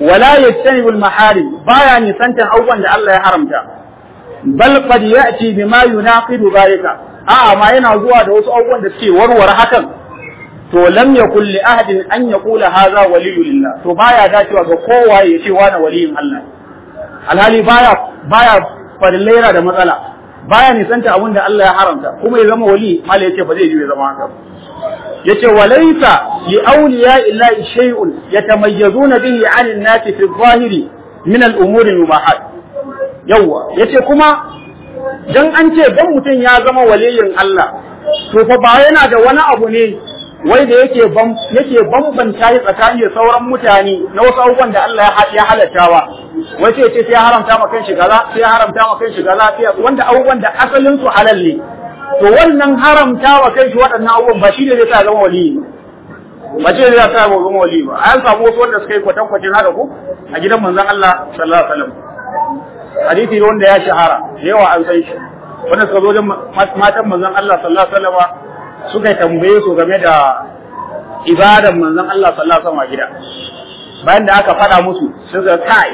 A: ولا يجتنب المحارم بايا ين سنتن أولا لألا يحرمتا بل قد يأتي بما يناقض ذلك a'a ma yana zuwa da wasu abubuwan da suke warware hakan to lam yakul li ahadin an yaqula hadha waliyyu lillah to baya dacewa ga kowa ya ce wani waliyin Allah alhali baya baya Laira da matsala baya nisanta abin da Allah ya haramta kuma ya zama wali mala yace ba zai ji ya zama haka yace walaysa li awliya illahi shay'un yatamayyazuna bihi na nati fi adh-dhahiri min al-umuri al-mubahat yawa yace kuma dan an ce dan mutum ya zama waliyin Allah to fa ba yana da wani abu ne wai da yake yake bambanta shi tsakanin sauran mutane na wasu abubuwan da Allah ya halatta wa. wai sai ce sai ya haramta ma kan shi kaza sai ya haramta ma kan shi kaza sai wanda abubuwan da asalin su halal ne to wannan haramta wa kan shi waɗannan abubuwan ba shi ne zai sa zama waliyi ba shi ne zai sa zama waliyi ba an samu wasu wanda suka yi kwatankwacin haka ko a gidan manzon Allah sallallahu alaihi wasallam hadisi ne wanda ya shahara da yawa an san shi wanda suka zo wajen matan manzon Allah sallallahu alaihi wasallam suka tambaye su game da ibadan manzon Allah sallallahu alaihi wasallam gida bayan da aka faɗa musu sun ga kai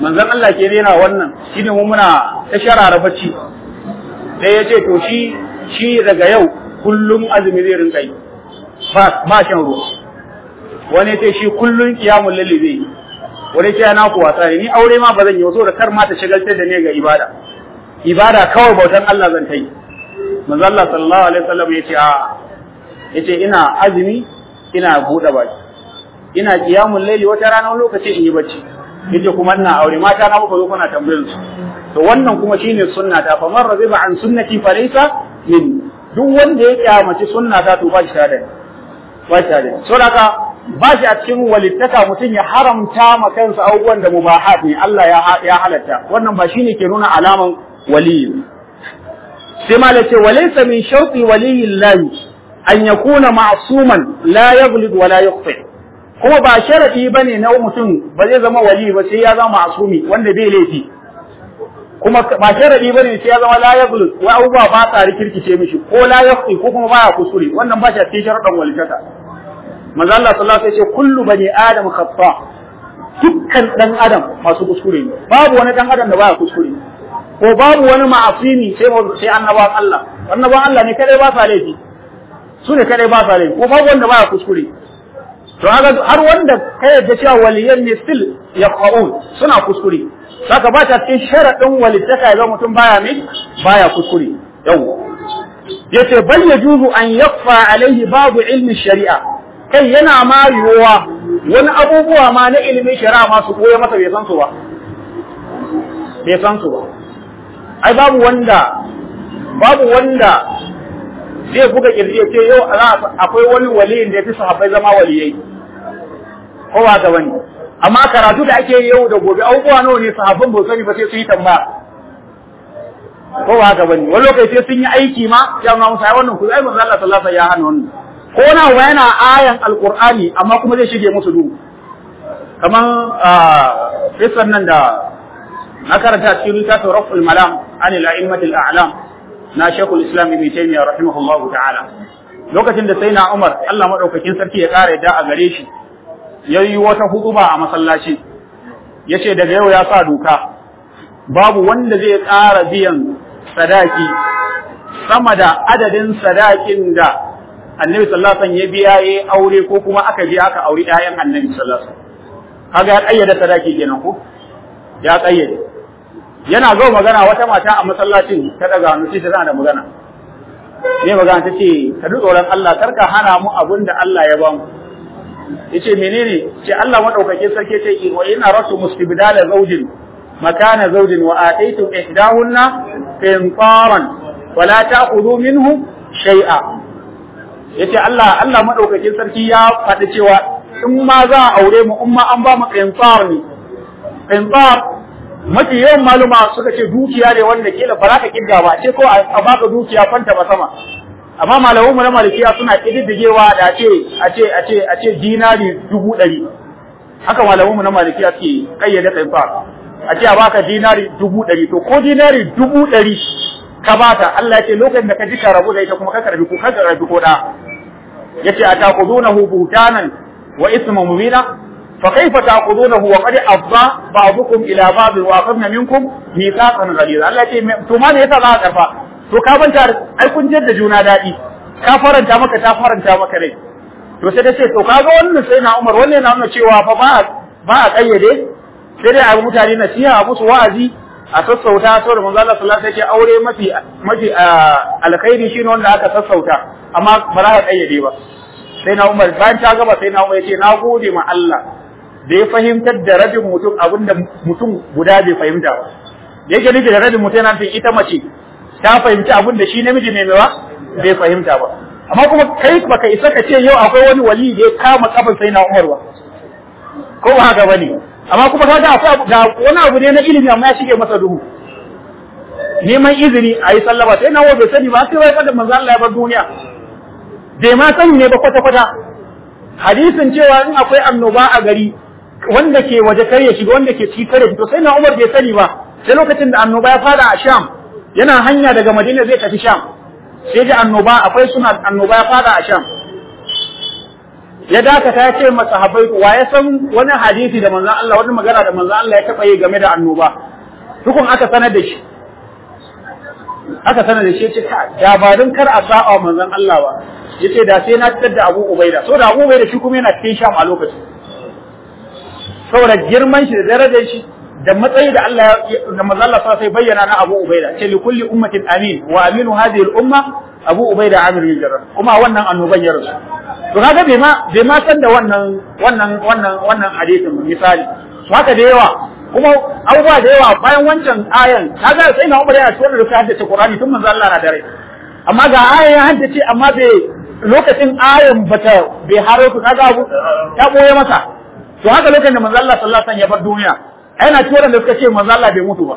A: manzon Allah ke rena wannan shine mu muna ta sharara bacci sai ya ce to shi shi daga yau kullum azumi zai rinka yi ba shan ruwa wani ya ce shi kullum kiyamun lalle zai yi Wani ce na ku wasa ni aure ma ba zan yi Wasu da kar ma ta shagaltar da ne ga ibada ibada kawai bautan Allah zan ta yi manzo Allah sallallahu alaihi wasallam yace a yace ina azumi ina bude baki ina qiyamul layli wata rana wani lokaci in yi bacci yace kuma ina aure mata na muka zo kuna tambayar su to wannan kuma shine sunna ta fa man raziba an sunnati fa laysa min duk wanda ya kyamaci sunna ta to ba shi tare ba shi tare saboda ba shi a cikin walittaka mutum ya haramta ma kansa abubuwan da mubahat ne Allah ya halatta wannan ba shine ke nuna alaman wali sai malai ce walaysa min shawqi waliyillahi an yakuna ma'suman la yaghlib wa la yukhti kuma ba sharadi bane na mutum ba zai zama wali ba sai ya zama ma'sumi wanda bai laifi kuma ba sharadi bane sai ya zama la yaghlib wa abubuwa ba sa rikirkice mishi ko la yukhti ko kuma ba ya kusuri wannan ba shi a cikin sharadan walittaka manzo Allah sallallahu alaihi wasallam kullu bani adam khata dukkan dan adam masu kuskure ne babu wani dan adam da baya kuskure ko babu wani ma'asini sai sai annabawan Allah annabawan Allah ne kadai ba sa laifi su ne kadai ba sa laifi ko babu wanda baya kuskure to haka har wanda kai yadda cewa waliyan ne still yaqaun suna kuskure saka ba ta cikin sharadin walittaka ya mutum baya ne baya kuskure yawa yace bal yajuzu an yakfa alaihi babu ilmi shari'a kai yana ma yiwuwa wani abubuwa ma na ilimin shari'a ma su koya masa bai san su ba bai san su ba ai babu wanda babu wanda zai buga kirji ya ce yau akwai wani waliyin da ya fi sahabbai zama waliyai ko ba ga wani amma karatu da ake yau da gobe abubuwa nawa ne sahabban bai sani ba sai su yi tamba. ko ba ga wani wani lokaci sun yi aiki ma ya ma musa wannan ku ai manzo Allah sallallahu alaihi wasallam ya hana wannan ko na wa yana ayan alqur'ani amma kuma zai shige musu duhu kamar ah, a nan da na karanta cikin littafin raful malam an al a'lam na shaykhul islam ibn taymiyyah rahimahullahu ta'ala lokacin da sai na Umar Allah madaukakin sarki ya kare da a gare shi yayi wata hukuba a masallaci yace daga yau ya sa doka babu wanda zai ƙara biyan sadaki sama da adadin sadakin da annabi sallallahu alaihi wasallam ya biya yayi aure ko kuma aka biya aka aure ƴaƴan annabi sallallahu alaihi wasallam kaga ya kayyada sadaki kenan ko ya kayyade yana zo magana wata mata a masallacin ta daga hannu sai zana da magana ne magana ta ce ka duk tsoron Allah karka hana mu abin da Allah ya bamu yace menene ce Allah maɗaukakin sarki ce wa ina rasu mustibdala zawjin makana zawjin wa ataitu ihdahunna qintaran wala ta'khudhu minhu shai'a. yace Allah Allah madaukakin sarki ya faɗi cewa in ma za a aure mu in ma an ba mu qinfar ne qinfar mafi yawan maluma suka ce dukiya ne wanda kila ba za ka kidda ba ce ko a baka dukiya kwanta ba sama amma malamu mu na malikiya suna kididdigewa da ce a ce a ce a ce dinari dubu ɗari haka malamu mu na malikiya suke kayyade qinfar a ce a baka dinari dubu ɗari to ko dinari dubu ɗari ka bata Allah ya ce lokacin da ka ji karabu da ita kuma ka karbi ko ka karbi ko da yace ataqudunahu buhtanan wa isman mubina fa kaifa taqudunahu wa qad afza ba'dukum ila ba'd wa akhadna minkum mithaqan ghaliza Allah ya ce to ma ne yasa za ka karfa to ka banta ai kun da juna dadi ka faranta maka ta faranta maka rai to sai ta ce to kaga wannan sai na Umar wannan na nuna cewa fa ba ba a kayyade sai dai a mutane nasiha a musu wa'azi a sassauta to da manzo Allah sallallahu alaihi wasallam aure mafi mafi alkhairi shine wanda aka sassauta amma ba za ka kayyade ba sai na Umar bayan ta gaba sai na Umar ce na gode ma Allah da ya fahimtar da rabin mutum abinda mutum guda bai fahimta ba yake nufi da rabin mutum yana ita mace ta fahimci abinda shi namiji ne mewa bai fahimta ba amma kuma kai baka isa ka ce yau akwai wani wali da ya kama kafin sai na Umar ba ko ba haka bane amma kuma kaga akwai da wani abu ne na ilimi amma ya shige masa duhu neman izini a yi sallama sai na bai sani ba sai wai kada manzo Allah ya bar duniya bai ma sani ne ba kwata kwata hadisin cewa in akwai annoba a gari wanda ke waje kare shiga wanda ke ciki kare to sai na Umar bai sani ba sai lokacin da annoba ya fara a Sham yana hanya daga Madina zai tafi Sham sai da annoba akwai suna annoba ya fara a Sham ya dakata ya ce masahabai wa ya san wani hadisi da manzon Allah wani magana da manzon Allah ya taba yi game da annoba dukun aka sanar da shi aka sanar da shi ce da ba don kar a sa'a manzon Allah ba yace da sai na fitar da Abu Ubaida so da Abu Ubaida shi kuma yana cikin sham a lokacin saboda girman shi da darajar shi da matsayi da Allah da manzon Allah sai bayyana na Abu Ubaida ce li kulli ummatin amin wa aminu hadhihi al-umma Abu Ubaida Amir bin Jarrah kuma wannan annoban ya rasu to kaga bai ma bai ma san da wannan wannan wannan wannan hadisin misali haka da yawa kuma abubuwa da yawa bayan wancan ayan kaga sai na Umar yana tsoro da haddace Qur'ani tun manzo Allah na dare amma ga ayan ya ce amma bai lokacin ayan bata bai haro ku kaga ta boye masa to haka lokacin da manzo Allah sallallahu alaihi wasallam ya bar duniya yana tsoro da suka ce manzo Allah bai mutu ba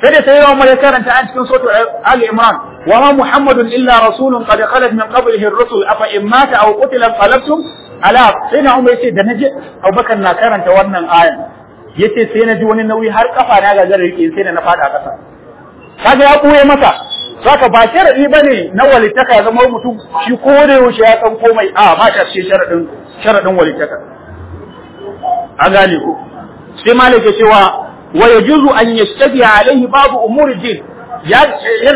A: sai da sayyidina Umar ya karanta an cikin sotu Ali Imran wa ma Muhammadun illa rasulun qad khalat min qablihi ar-rusul afa in mata aw qutila qalabtum ala na Umar yace da naji Abubakar na karanta wannan ayan yace sai na ji wani nauyi har kafa na ga zan rike sai da na fada kasa kaga ya buye masa saka ba sharadi bane na walitaka ya zama mutum shi ko da yaushe ya san komai a ba ta ce sharadin sharadin walitaka gane ko sai malik ya cewa ويجوز أن يشتبه عليه بعض أمور الدين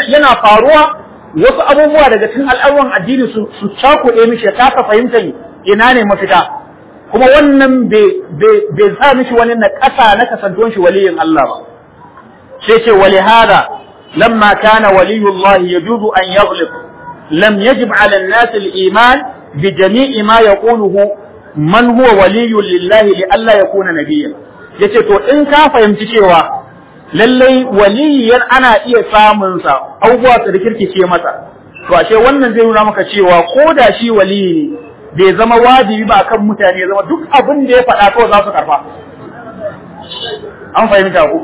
A: yana faruwa wasu abubuwa daga cikin al'amuran addini su cakuɗe mishi ya kasa fahimtar ina ne mafita kuma wannan be be sa mishi wani na kasa na kasantuwan shi waliyin Allah ba sai ce wali hada lamma kana waliyullah yajuzu an yaghlib lam yajib ala an-nas al-iman bi jami'i ma yaquluhu man huwa waliyyu lillahi li alla yakuna nabiyyan yace to in ka fahimci cewa lallai waliyan ana iya samun sa abubuwa su ce masa to ashe wannan zai nuna maka cewa ko da shi waliyi ne bai zama wajibi ba kan mutane ya zama duk abin da ya faɗa kawai za su karfa an fahimta ku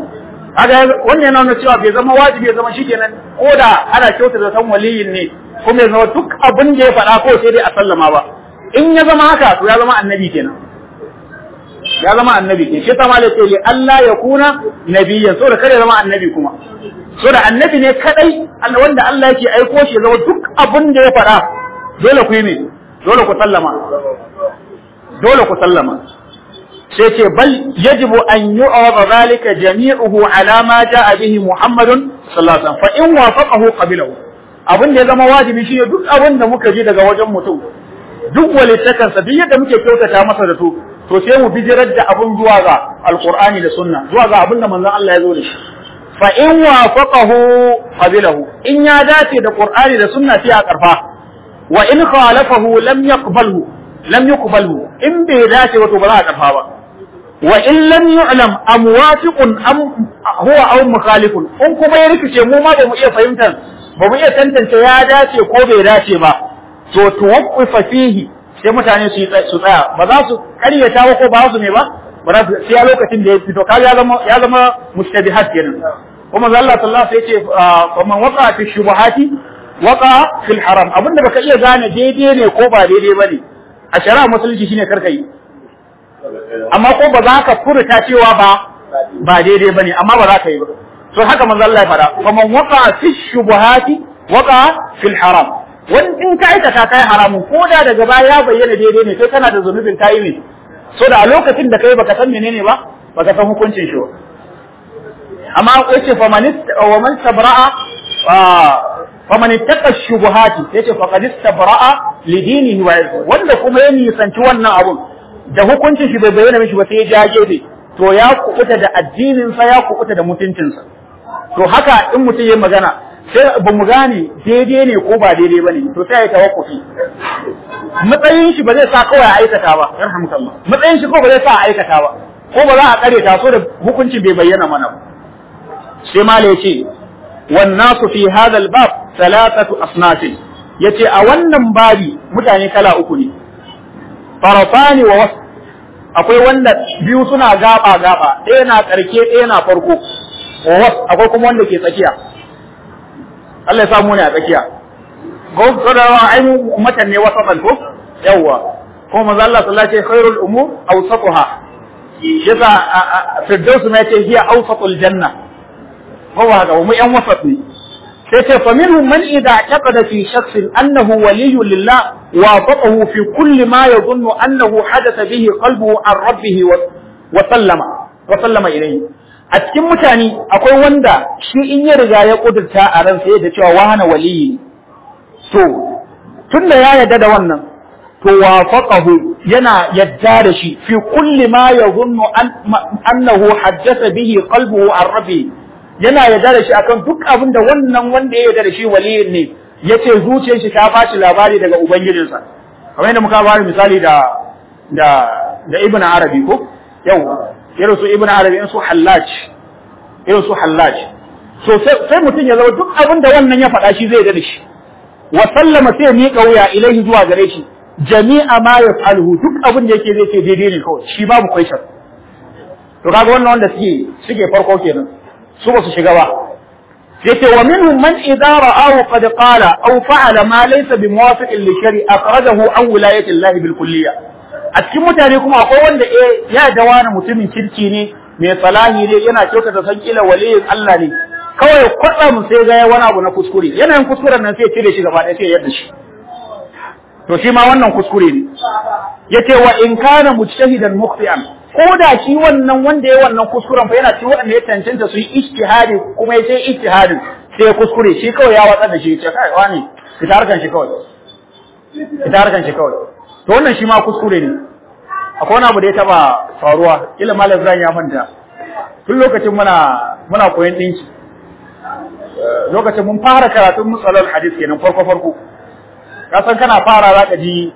A: kaga wannan yana nuna cewa bai zama wajibi ya zama shikenan ko da ana kyauta da san waliyin ne kuma ya zama duk abin da ya faɗa kawai sai dai a sallama ba in ya zama haka to ya zama annabi kenan ya zama annabi ke shi tama da ce Allah ya kuna nabiyyan saboda kare zama annabi kuma saboda annabi ne kadai wanda Allah yake aiko shi zama duk abin da ya faɗa dole ku yi ne dole ku sallama dole ku sallama sai ce bal yajibu an yu'rada zalika jami'uhu ala ma ja'a bihi Muhammadun sallallahu alaihi wasallam fa in wafaqahu qabilahu abin da ya zama wajibi shine duk abin da muka ji daga wajen mutum duk walittakansa duk yadda muke kyautata masa da to to sai mu bijirar da abun zuwa ga alqur'ani da sunna zuwa ga abin da manzon Allah ya zo da shi fa in wafaqahu qabilahu in ya dace da qur'ani da sunna sai a karfa wa in khalafahu lam yaqbalhu lam yuqbalhu in bai dace wato ba za a karfa ba wa in lam yu'lam am wafiqun am huwa aw mukhalifun in kuma ya rikice mu ma ba mu iya fahimtar ba mu iya tantance ya dace ko bai dace ba to tuwaqqifa fihi sai mutane su tsaya ba za su karyata ba ko ba su ne ba ba za su sai a lokacin da ya fito kaga ya zama ya zama mushtabihat kenan kuma Allah sallallahu alaihi yace fa ah, man waqa fi shubahati waqa fil haram da baka iya gane daidai ne ko ba daidai bane a shari'a musulunci shine karkai amma ko ba za ka furta cewa ba ba daidai bane amma ba za ka yi ba to haka manzo Allah ya fara fa man waqa fi shubahati waqa fil haram wani in ka aikata kai haramun ko da daga baya ya bayyana daidai ne sai kana da zunubin kai ne so da a lokacin da kai baka san menene ba baka san hukuncin shi amma yace fa man wa man tabra'a fa man taqa shubuhati yace fa qad istabra'a li dinihi wa wanda kuma ya nisanci wannan abun da hukuncin shi bai bayyana mishi ba sai ya ja gefe to ya kubuta da addinin sa ya kubuta da mutuncin sa to haka in mutum ya magana sai ba mu gane daidai ne ko ba daidai ba ne to sai ya tawakkufi matsayin shi ba zai sa kawai a aikata ba yarhamukallah matsayin shi ko ba zai sa a aikata ba ko ba za a kare ta so da hukuncin bai bayyana mana ba sai ya ce, wan nasu fi hada al bab thalathatu asnaf yace a wannan babi mutane kala uku ne farafani wa wasf akwai wanda biyu suna gaba gaba ɗaya na karke ɗaya na farko wa wasf akwai kuma wanda ke tsakiya Allah ya samu ne a tsakiya gof sadawa ai mu ummatan ne wasatan ko yawa ko manzo Allah sallallahu alaihi wasallam khairul umur awsatuha yasa firdaus ma yace hiya awsatul janna ko haka mu yan wasat ne sai ce fa minhum man idza taqada fi shakhsin annahu waliyyu lillah wa batahu fi kulli ma yadhunnu annahu hadatha bihi qalbuhu an rabbih wa sallama wa sallama ilayhi a cikin mutane akwai wanda shi in ya riga ya kudurta a ransa yadda cewa wahana waliyi to tunda ya yadda da wannan to wafaqahu yana yadda da shi fi kulli ma yadhunnu annahu haddatha bihi qalbuhu an rabbi yana yadda da shi akan duk abin da wannan wanda ya yadda da shi waliyin ne yace zuciyar shi ta bashi labari daga ubangijinsa kamar yadda muka bari misali da da da ibnu arabi ko yau irin su ibn arabi in su hallaj irin su hallaj so sai mutum ya zama duk abin da wannan ya faɗa shi zai da shi wa sallama sai miƙa wuya ilaihi zuwa gare shi jami'a ma yaf'aluhu duk abin da yake zai ce daidai ne kawai shi babu question to kaga wannan wanda suke suke farko kenan su ba su shiga ba yace wa minhum man idza ra'ahu qad qala aw fa'ala ma laysa bi muwafiqin li shari'a akhrajahu an wilayati Allah bil kulliyah a cikin mutane kuma akwai wanda eh ya da wani mutumin kirki ne mai tsalahi ne yana kyautata san kila waliyin Allah ne kawai mu sai ga wani abu na kuskure yanayin kuskuren nan sai ya cire shi gaba ɗaya sai ya yadda shi to shi ma wannan kuskure ne yace wa in kana mujtahidan muqti'an ko da shi wannan wanda ya wannan kuskuren fa yana cikin wanda ya tantance su ijtihadi kuma yace ijtihadi sai ya kuskure shi kawai ya watsar da shi yace kai wani ita shi kawai ita shi kawai to wannan shi ma kuskure ne akwai wani abu da ya taba faruwa ila malam zan ya manta tun lokacin muna muna koyon dinki eh, lokacin mun fara karatun musalal hadisi kenan farko farko ka san kana fara za ka ji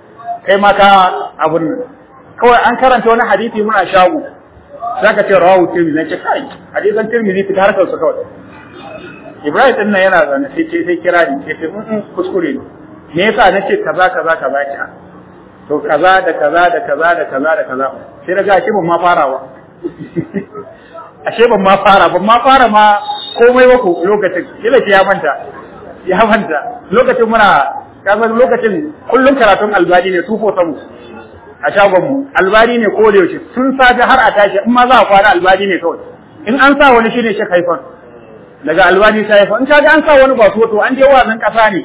A: kai ma ka abun nan kawai an karanta wani hadisi muna shago za ka ce rawu tirmidhi ne ce kai hadisan tirmidhi fita harkar su kawai ibrahim din nan yana zane sai sai kira ni sai mm, mm, kuskure ne me yasa nace kaza kaza kaza ki to kaza da kaza da kaza da kaza da kaza sai na ga ashe ban ma fara ba ashe ban ma fara ban ma fara ma komai ba ku lokacin kila ya manta ya manta lokacin muna kasar lokacin kullum karatun albani ne tufo samu a mu. albani ne ko da yaushe tun safe har a tashi in ma za a fara albani ne kawai in an sa wani shine shi kaifan, daga albani sai haifan in kaga an sa wani ba to an je wazan kasa ne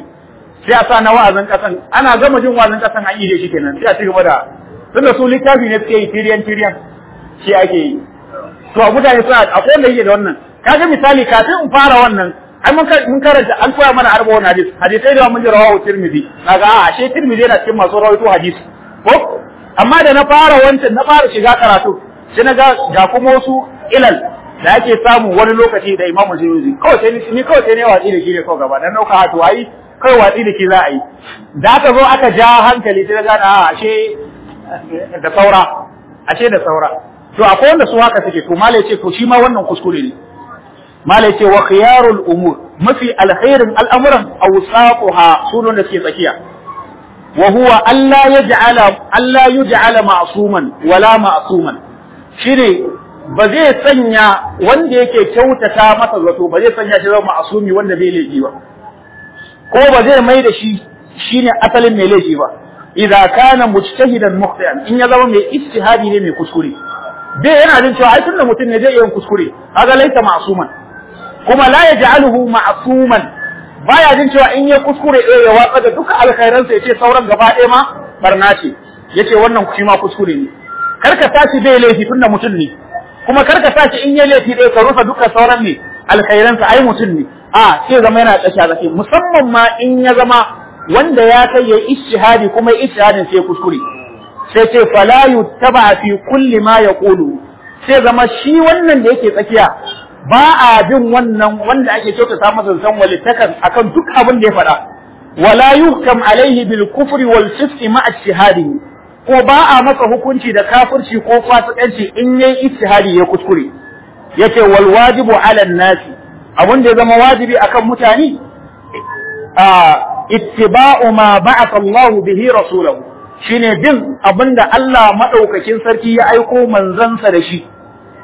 A: sai a sa na wa'azin kasan ana gama jin wa'azin kasan an ije shi kenan sai a ci gaba da tunda su littafi ne suke yi tiriyan tiriyan shi ake yi to a mutane suna akwai wanda yake da wannan kaga misali kafin in fara wannan ai mun karanta an koya mana arba wani hadis hadisai da mun ji rawahu tirmidhi naga a ashe tirmidhi yana cikin masu rawaito hadis ko amma da na fara wancan na fara shiga karatu sai na ga ga kuma wasu ilal da ake samu wani lokaci da imamu zai yi kawai sai ni kawai sai ne watsi da shi ne kawai gaba dan nauka hatu ai kai watsi da shi za a yi da aka zo aka ja hankali sai ga na ashe da saura ashe da saura to akwai wanda su haka suke to malai ce to shi ma wannan kuskure ne malai ce wa khiyarul umur mafi alkhairin al'amuran awsaquha sunan da suke tsakiya wa huwa alla yaj'ala alla yaj'ala ma'suman wala ma'suman shine ba zai sanya wanda yake kyautata masa zato ba zai sanya shi zama ma'asumi wanda bai laifi ba ko ba zai mai da shi shine asalin mai laifi ba idza kana mujtahidan mukhtian in ya zama mai ijtihadi ne mai kuskure bai yana jin cewa ai tunda mutum ne zai yi kuskure kaga laita ma'suman kuma la yaj'aluhu ma'asuman baya jin cewa in ya kuskure eh ya watsa da duka alkhairan ya ce sauran gaba ɗaya ma barna ce yace wannan shi ma kuskure ne karka tashi bai laifi tunda mutum ne kuma kar ka sace in yi laifi dai ka rufe duka sauran ne alkhairan sa ai mutum ne a ce zama yana tsaka zafi musamman ma in ya zama wanda ya kai ya ishihadi kuma ishihadin sai kuskure sai ce fala yuttaba fi kulli ma yaqulu sai zama shi wannan da yake tsakiya ba a bin wannan wanda ake kyautata masa san walittakan akan duk abin da ya fada wala yuhkam alaihi bil kufri wal fisqi ma'a shahadihi ko ba a masa hukunci da kafirci ko fasikanci in yayi ijtihadi ya kuskure yace wal wajibu ala nasi abun da ya zama wajibi akan mutane a ittiba'u ma ba'atha Allah bihi rasulahu shine bin abinda Allah madaukakin sarki ya aiko manzansa da shi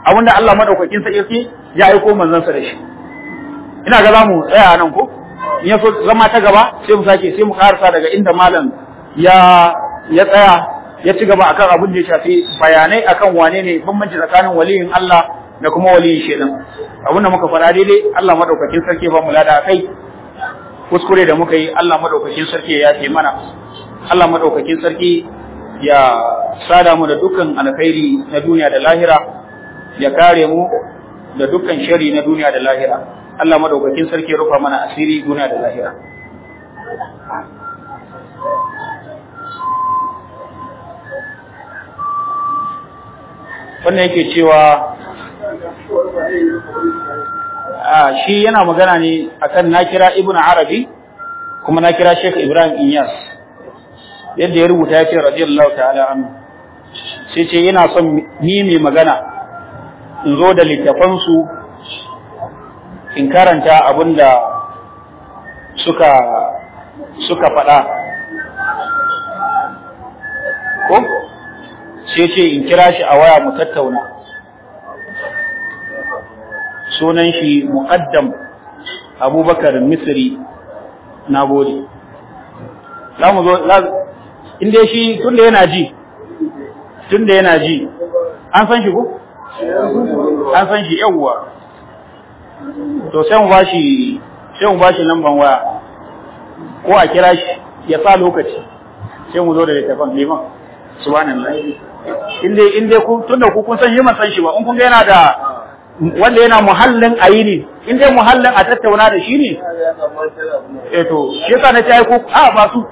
A: abinda Allah madaukakin sarki ya aiko manzansa da shi ina ga zamu tsaya nan ko in so zama ta gaba sai mu sake sai mu karasa daga inda malam ya ya tsaya ya ci gaba akan abin da ya shafi bayanai akan wane ne bambanci tsakanin waliyin Allah da kuma waliyin shedan abin da muka fara daidai Allah madaukakin sarki ba mu lada kai kuskure da muka yi Allah madaukakin sarki ya ce mana Allah madaukakin sarki ya sada mu da dukkan alkhairi na duniya da lahira ya kare mu da dukkan shari na duniya da lahira Allah madaukakin sarki ya rufa mana asiri duniya da lahira wannan yake cewa
B: a ah, shi yana magana
A: ne akan na kira ibn arabi kuma na kira sheikh ibrahim inyas yadda ya rubuta ya ce radiyallahu ta'ala anhu sai ce yana son ni mai magana in zo da littafansu in karanta abin da suka suka faɗa sai ce in kira shi a waya mu tattauna sunan shi muqaddam abubakar misri na gode za mu zo inda shi tunda yana ji tunda yana ji an san shi ko an san shi yawwa to sai mu bashi sai mu bashi lamban waya ko a kira shi ya sa lokaci sai mu zo da littafin liman subhanallah in dai in dai ku tunda ku kun san shi san shi ba in kun ga yana da wanda yana muhallin ayini inda in dai muhallin a tattauna da shi ne
B: eh to shi yasa
A: na ce ku a ba su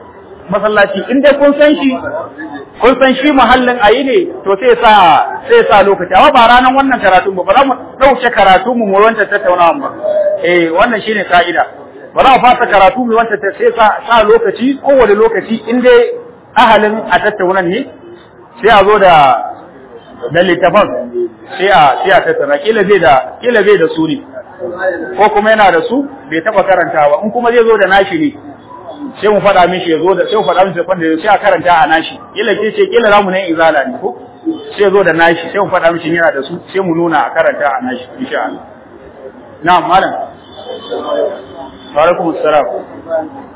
A: masallaci in dai kun san shi kun san shi muhallin ayini to sai sa sai sa lokaci amma ba ranan wannan karatun ba ba za mu dauke karatu mu mu wancan tattauna ba eh wannan shine ka'ida ba za mu fasa karatu mu wancan sai sa sa lokaci kowane lokaci in dai ahalin a tattauna ne sai a zo da da littafan sai a sai a tattauna kila zai da kila zai da suri ko kuma yana da su bai taba karantawa in kuma zai zo da nashi ne sai mu faɗa mishi ya zo da sai mu faɗa mishi kwanda sai a karanta a nashi kila ke ce kila zamu ne izala ne ko sai zo da nashi sai mu faɗa mishi yana da su sai mu nuna a karanta a nashi insha Allah na'am malam
B: wa alaikumus salam